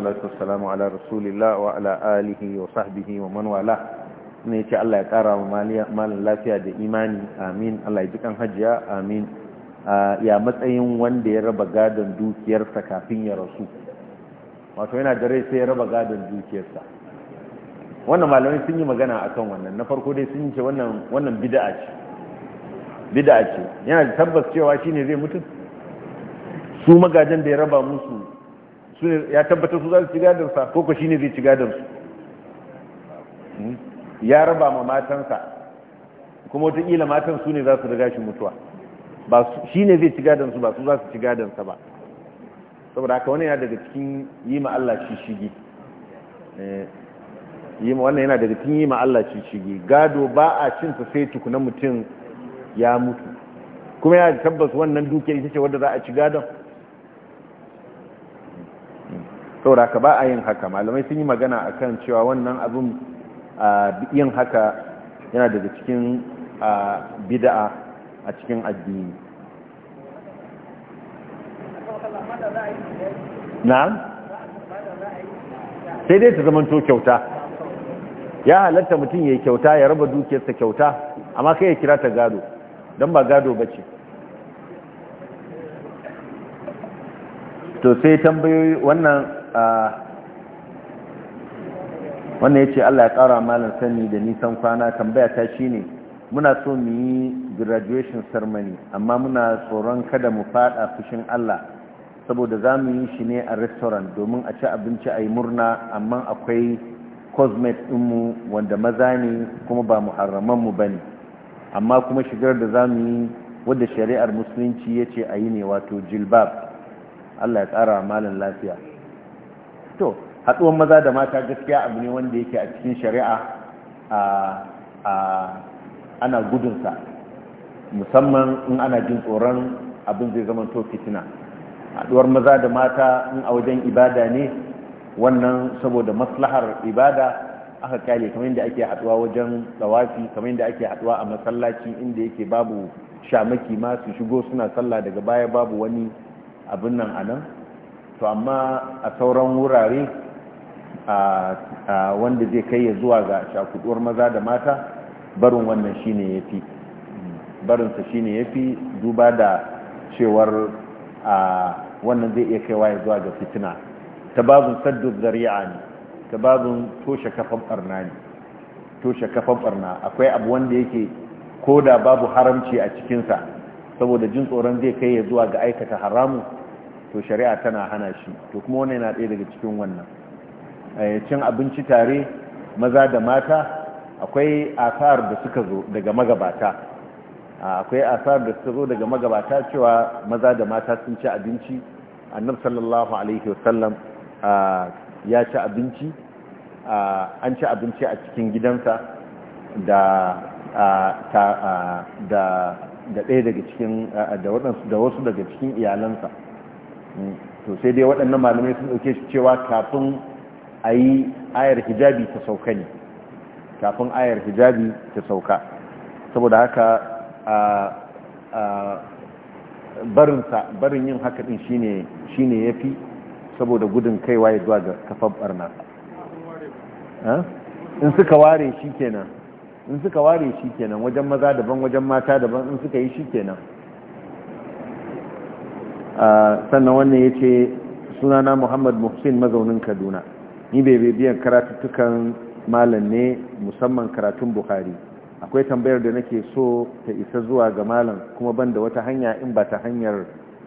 salatu wassalamu ala rasulillah wa ala alihi wa sahbihi wa man wala ne ce Allah ya kara wa malin lafiya da imani amin Allah ya ji kan hajiya amin ya matsayin wanda ya raba gadon dukiyarsa kafin ya rasu wato yana da rai sai ya raba gadon dukiyarsa wannan malamai sun yi magana akan wannan na farko dai sun ce wannan wannan bid'a ce bid'a ce yana tabbas cewa shine zai mutu su magadan da ya raba musu su ya tabbatar su za su ci gadarsa ko shi shine zai ci gadarsu hmm? ya raba ma matansa kuma wataƙila matan su ne za su riga shi mutuwa ba shi ne zai ci gadarsu ba su za su ci gadarsa ba saboda haka wani yana daga cikin yi ma Allah shi eh, yi ma wannan yana daga cikin yi ma Allah shi gado ba a cin sa sai tukuna mutum ya mutu kuma ya tabbas wannan dukiya ita ce wadda za a ci gadon saboda ka ba a yin haka malamai sun yi magana a kan cewa wannan abin yin haka yana daga cikin bida'a a cikin addini na sai dai ta zamanto kyauta ya halatta mutum ya yi kyauta ya raba dukiyarsa kyauta amma kai ya kira ta gado don ba gado ba ce to sai tambayoyi wannan wannan ya ce allah ya ƙara malam sani da nisan kwana tambaya ta shi ne muna so mu yi graduation ceremony amma muna tsoron kada mu fada fushin allah saboda za mu yi shi ne a restaurant domin a ci abinci a yi murna amma akwai cosmate mu wanda maza ne kuma ba muharramanmu ba ne amma kuma shigar da za mu yi wadda shari'ar musulunci ya ce a yi ne wato jilbab allah ya ƙara malam lafiya to haɗuwar maza da mata gaskiya abu ne wanda yake a cikin shari'a ana gudunsa musamman in ana jin tsoron abin zai zama to fitina haɗuwar maza da mata in a wajen ibada ne wannan saboda maslahar ibada aka kyale kamar yadda ake haduwa wajen tsawafi kamar yadda ake haɗuwa a masallaci inda yake babu shamaki ma su shigo suna sallah daga baya babu wani abin nan a nan to amma a sauran wurare wanda zai kai ya zuwa ga shakuduwar maza da mata barin wannan shine ya fi barinsa shine ya fi duba da cewar wannan zai iya kaiwa ya zuwa ga fitina ta babin saddu zari'a ne ta babin toshe kafan barna ne toshe kafan barna akwai abu wanda yake ko da babu haramci a cikinsa saboda jin tsoron zai kai ya zuwa ga aikata haramu to shari'a tana hana shi to kuma wannan yana ɗaya daga cikin wannan eh, cin abinci tare maza da mata akwai asar da suka zo daga magabata ah, akwai asar da suka zo daga magabata cewa maza da mata sun ci abinci annab sallallahu alaihi wasallam ah, ya ci abinci ah, an ci abinci a cikin gidansa da da ɗaya daga cikin da wasu daga cikin iyalansa to sai dai waɗannan malamai sun ɗauke shi cewa kafin a yi ayar hijabi ta sauka ne kafin ayar hijabi ta sauka saboda haka a barinsa barin yin haka ɗin shi ne ya fi saboda gudun kaiwa ya zuwa ga kafar barna in suka ware shi kenan in suka ware shi kenan wajen maza daban wajen mata daban in suka yi shi kenan sannan wannan ya ce sunana muhammad muhsin mazaunin kaduna ni bai bibiyan karatuttukan malam ne musamman karatun buhari akwai tambayar da nake so ta isa zuwa ga malam kuma ban da wata hanya in ba ta hanyar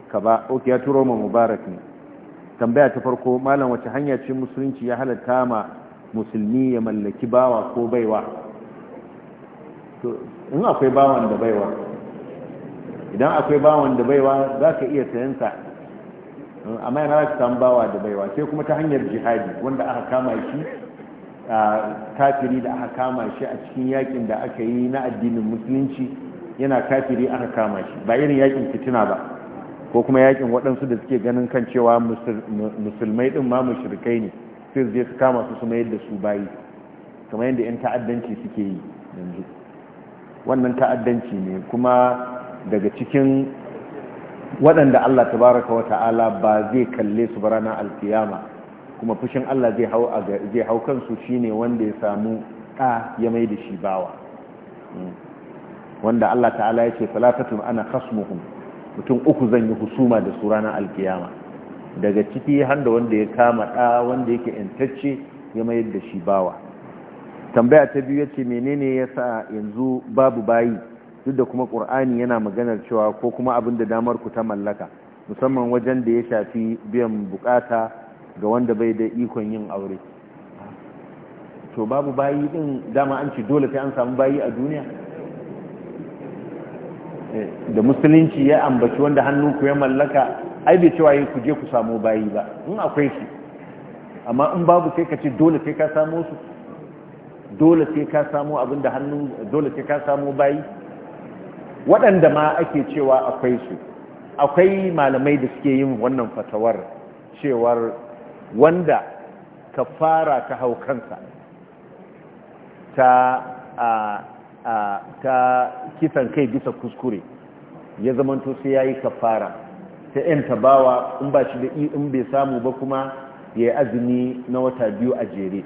ka ba ok ya turo ma mubarak ne tambaya ta farko malam wace hanya ce musulunci ya halatta ma musulmi ya mallaki bawa ko baiwa in akwai bawan da baiwa idan akwai bawan da baiwa za ka iya sayansa amma yana za ka samu bawa da baiwa sai kuma ta hanyar jihadi wanda aka kama shi kafiri da aka kama shi a cikin yakin da aka yi na addinin musulunci yana kafiri aka kama shi ba irin yakin fitina ba ko kuma yakin waɗansu da suke ganin kan cewa musulmai ɗin ma mushrikai ne sai zai su kama su su mayar da su bayi kamar yadda 'yan ta'addanci suke yi yanzu wannan ta'addanci ne kuma daga cikin waɗanda Allah tabaraka wata'ala ba zai kalle su barana alkiyama kuma fushin Allah zai hau zai hau kansu shine wanda ya samu ɗa ya mai da shi bawa hmm. wanda Allah ta'ala ya ce salatatun ana khasmuhum mutum uku zan yi husuma da su ranar alkiyama daga ciki har da wanda ya kama ɗa wanda yake intacce ya mayar da shi bawa tambaya ta biyu ya ce menene ya sa yanzu babu bayi duk da kuma ƙur'ani yana maganar cewa ko kuma abin da damar ku ta mallaka musamman wajen da ya shafi biyan bukata ga wanda bai da ikon yin aure to babu bayi din dama an ce dole sai an samu bayi a duniya eh, da musulunci ya ambaci wanda hannun ku ya mallaka ai bai cewa ku je ku samu bayi ba in akwai shi amma in babu sai ka ce dole sai ka samu su dole sai ka samu abin da hannun dole sai ka samu bayi waɗanda ma ake cewa akwai su akwai malamai da suke yin wannan fatawar cewar wanda ka fara ta hau kansa ta ta kisan kai bisa kuskure ya zamanto sai yayi kafara ta yan tabawa in ba shi da in bai samu ba kuma ya azumi na wata biyu a jere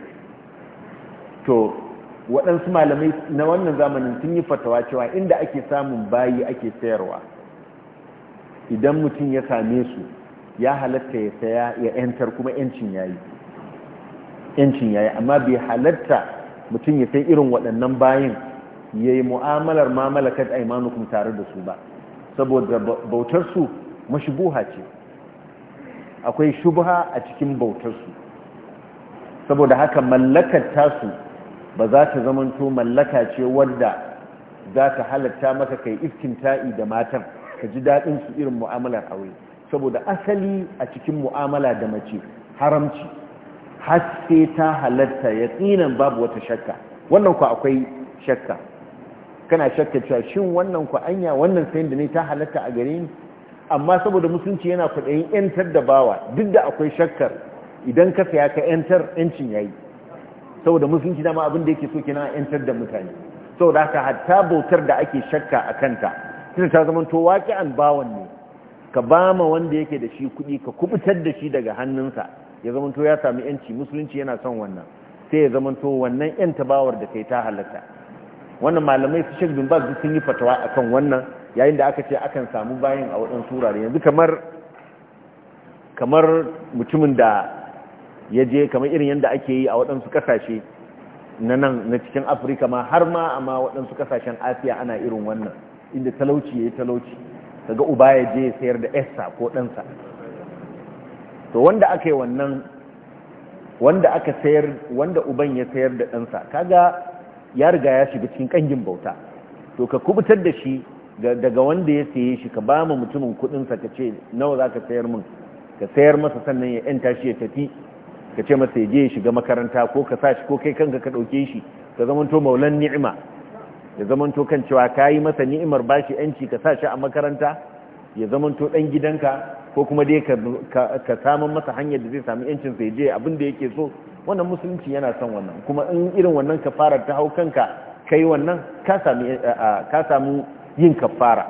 to waɗansu malamai na wannan zamanin sun yi fatawa cewa inda ake samun bayi ake sayarwa idan mutum ya same su ya halatta ya saya ya 'yantar kuma 'yancin ya yi yancin yi amma bai halatta mutum ya sai irin waɗannan bayin ya yi mu'amalar mamalakar aimanukum tare da su ba saboda bautarsu mashubuha ce akwai shubuha a cikin bautarsu saboda haka mallakar tasu ba za ta zamanto mallaka ce wadda za ta halatta maka kai ta'i da matan ka ji daɗin su irin mu'amalar aure saboda asali a cikin mu'amala da mace haramci har ta halatta ya tsinan babu wata shakka wannan ku akwai shakka kana shakka cewa shin wannan ku anya wannan sayin da ne ta halatta a gare ni amma saboda musulunci yana kwaɗayin yantar da bawa duk da akwai shakkar idan ka saya ka yantar yancin ya yi. saboda musulunci dama abin da yake so kenan a yantar da mutane saboda haka hatta bautar da ake shakka a kanta tunda ta zama to an bawan ne ka ba ma wanda yake da shi kuɗi ka kubutar da shi daga hannunsa ya zama to ya sami yanci musulunci yana son wannan sai ya zama to wannan yan tabawar da kai ta halatta wannan malamai su shek bin baz sun yi fatawa akan wannan yayin da aka ce akan samu bayan a waɗansu wurare yanzu kamar kamar mutumin da ya je kamar irin yadda ake yi a waɗansu ƙasashe na nan na cikin afirka ma har ma amma waɗansu ƙasashen asiya ana irin wannan inda talauci ya yi talauci kaga uba ya je sayar da esa ko ɗansa to wanda aka yi wannan wanda aka sayar wanda uban ya sayar da ɗansa kaga ya riga ya shiga cikin ƙangin bauta to ka kubutar da shi daga wanda ya saye shi ka ba mu mutumin kuɗinsa ka ce nawa za ka sayar min ka sayar masa sannan ya 'yanta shi ya tafi ka ce masa ya je ya shiga makaranta ko ka sa shi ko kai kanka ka ɗauke shi ka zamanto maulan ni'ima ya zamanto kan cewa ka yi masa ni'imar ba shi ‘yanci ka sa shi a makaranta ya zamanto ɗan gidanka ko kuma dai ka samun masa hanyar da zai sami ‘yancin sai je abin da yake so wannan musulunci yana son wannan kuma in irin wannan ka fara ta hau kanka ka yi wannan ka sami yin kafara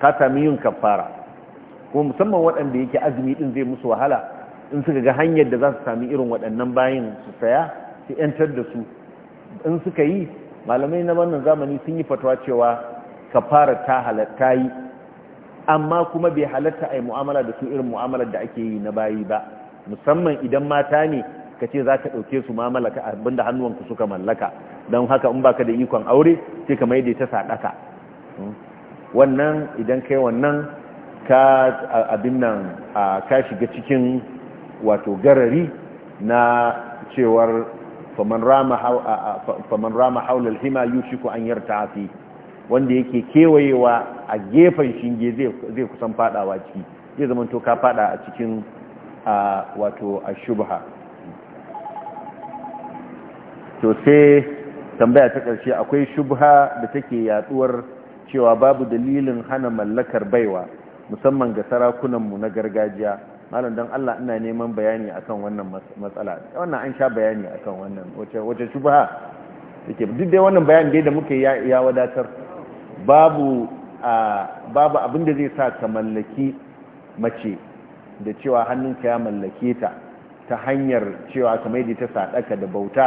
ka samu yin kafara kuma musamman waɗanda yake azumi ɗin zai musu wahala in suka ga hanyar da za su sami irin waɗannan bayan su saya su yantar da su in suka yi malamai na wannan zamani sun yi fatawa cewa ka fara ta halatta yi amma kuma bai halatta a yi mu'amala da su irin mu'amala da ake yi na bayi ba musamman idan mata ne ka ce za ka ɗauke su mamala abin abinda hannuwanku suka mallaka don haka in baka da ikon aure sai ka maida ta saɗaka wannan idan kai wannan ka abin nan ka shiga cikin wato garari na cewar faman rama haular hima yushiku an yarta fi wanda yake kewayewa a gefen shinge zai kusan fadawa ciki zai zama to ka fada a cikin wato a shubha to sai tambaya ta ƙarshe akwai shubha da take yaduwar cewa babu dalilin hana mallakar baiwa musamman ga sarakunanmu na gargajiya malam don Allah ina neman bayani akan wannan matsala wannan an sha bayani akan wannan wace wace shubha yake duk dai wannan bayani dai da muke ya wadatar babu babu abin da zai sa ka mallaki mace da cewa hannunka ya mallake ta ta hanyar cewa ka mai ta sadaka da bauta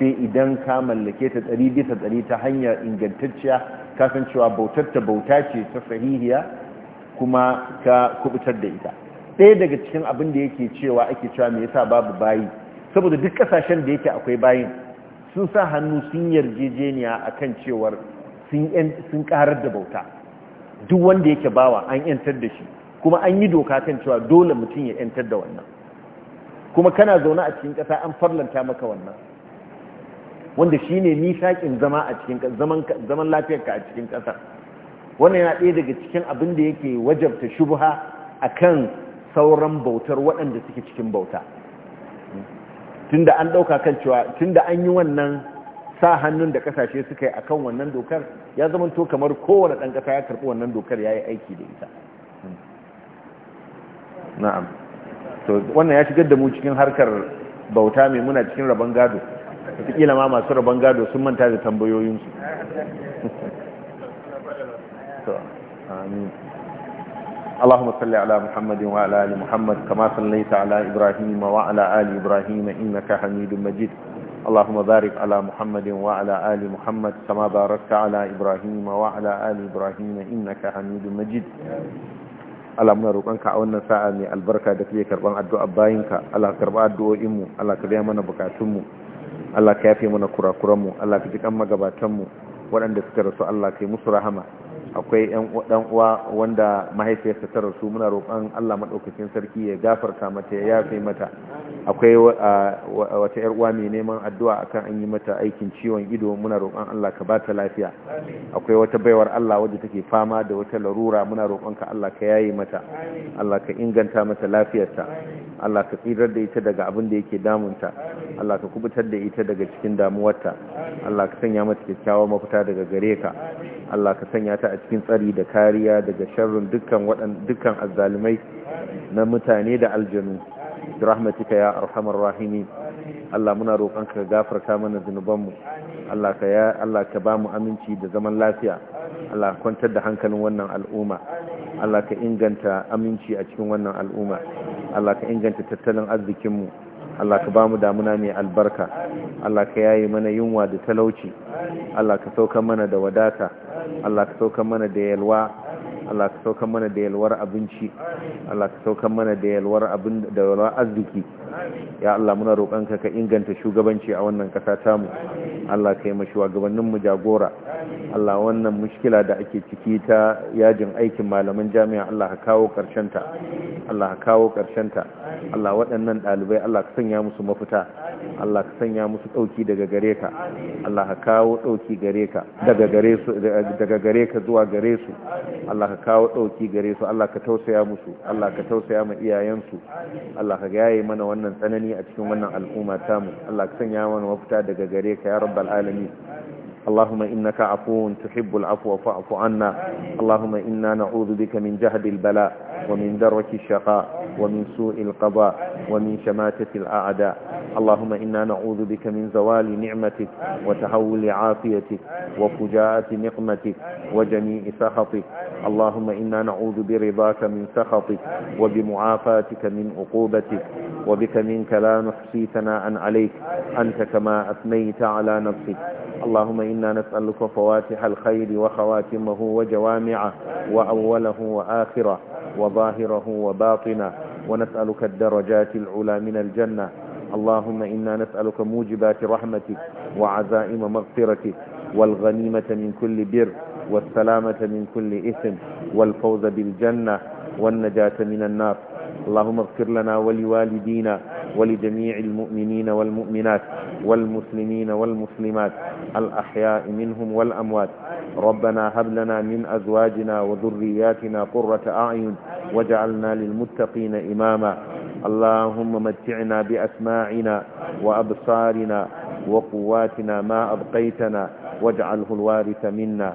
sai idan ka mallake ta tsari bisa tsari ta hanyar ingantacciya kasancewa bautar ta bauta ce ta sahihiya kuma ka kubutar da ita ɗaya daga cikin abin da yake cewa ake cewa me yasa babu bayi saboda duk kasashen da yake akwai bayin sun sa hannu sun yarjejeniya a kan cewar sun karar da bauta duk wanda yake bawa an yantar da shi kuma an yi doka kan cewa dole mutum ya yantar da wannan kuma kana zaune a cikin ƙasa an farlanta maka wannan wanda shi ne nisaƙin zama a cikin zaman lafiyarka a cikin ƙasa wannan yana ɗaya daga cikin abin da yake wajabta a kan. sauran bautar waɗanda suke cikin bauta tunda an ɗauka kan cewa tunda an yi wannan sa hannun da kasashe suka yi a kan wannan dokar ya zama to kamar kowane ɗan ƙasa ya karɓi wannan dokar ya yi aiki da ita na'am to wannan ya shigar da mu cikin harkar bauta mai muna cikin rabon gado wataƙila ma masu rabon gado sun manta da tambayoyinsu اللهم صل على محمد وعلى آل محمد كما صليت على إبراهيم وعلى آل إبراهيم إنك حميد مجيد اللهم بارك على محمد وعلى آل محمد كما باركت على إبراهيم وعلى آل إبراهيم إنك حميد مجيد Allah muna roƙonka a wannan sa'a mai albarka da kake karban addu'a bayinka Allah ka karba addu'o'in mu Allah ka biya mana bukatun mu Allah ka yafe mana kurakuran mu Allah ka ji kan magabatan mu waɗanda suka rasu Allah ka yi musu rahama akwai ɗan uwa wanda mahaifiyarsa ta rasu muna roƙon Allah madaukakin sarki ya gafarta mata ya yafe mata akwai wata ‘yar uwa mai neman addu'a akan an yi mata aikin ciwon ido muna roƙon Allah ka ba ta lafiya akwai wata baiwar Allah wadda take fama da wata larura muna roƙon ka Allah ka yaye mata Allah ka inganta mata lafiyarta Allah ka tsirar da ita daga abin da yake damunta Allah ka kubutar da ita daga cikin damuwarta Allah ka sanya mata kyakkyawar mafita daga gare ka Allah ka sanya ta a cikin tsari da kariya daga sharrin dukkan waɗan dukkan azzalumai na mutane da aljanu rahmatika ya arhamar rahimin Allah muna roƙon ka gafarta mana zunubanmu Allah ka ya Allah ka ba aminci da zaman lafiya Allah kwantar da hankalin wannan al'umma Allah ka inganta aminci a cikin wannan al'umma Allah ka inganta tattalin arzikinmu Allah ka ba mu damuna mai albarka Allah ka yayi mana yunwa da talauci Allah ka sauka mana da wadata Allah ka sauka mana da yalwa Allah ka sauka mana da yalwar abinci Allah ka sauka mana da yalwar abin da yalwar arziki ya Allah muna roƙonka ka inganta shugabanci a wannan ƙasa tamu Allah ka yi mashi gabanin mu jagora Allah wannan mushkila da ake ciki ta yajin aikin malaman jami'a Allah ka kawo ƙarshen ta Allah ka kawo ƙarshen ta Allah waɗannan ɗalibai Allah ka sanya musu mafita Allah ka sanya musu ɗauki daga gare ka Allah ka kawo ɗauki gare ka daga gare su daga gare ka zuwa gare su Allah ka kawo ɗauki gare su Allah ka tausaya musu Allah ka tausaya ma iyayensu Allah ka yaye mana wannan wannan tsanani a cikin wannan al'umma tamu Allah ka sanya mana mafita daga gare ka ya rabbal alamin Allahumma innaka عفو tuhibbul afwa fa'fu anna Allahumma inna na'udhu bika min jahdil bala' ومن ذروة الشقاء ومن سوء القضاء ومن شماتة الأعداء اللهم إنا نعوذ بك من زوال نعمتك وتهول عافيتك وفجاءة نقمتك وجميع سخطك اللهم إنا نعوذ برضاك من سخطك وبمعافاتك من عقوبتك وبك منك لا نحصي ثناء عليك أنت كما أثنيت على نفسك اللهم إنا نسألك فواتح الخير وخواتمه وجوامعه وأوله وآخره وظاهره وباطنه ونسألك الدرجات العلى من الجنة اللهم إنا نسألك موجبات رحمتك وعزائم مغفرتك والغنيمة من كل بر والسلامة من كل إثم والفوز بالجنة والنجاة من النار اللهم اغفر لنا ولوالدينا ولجميع المؤمنين والمؤمنات والمسلمين والمسلمات الأحياء منهم والأموات ربنا هب لنا من أزواجنا وذرياتنا قرة أعين وجعلنا للمتقين إماما اللهم متعنا بأسماعنا وأبصارنا وقواتنا ما أبقيتنا واجعله الوارث منا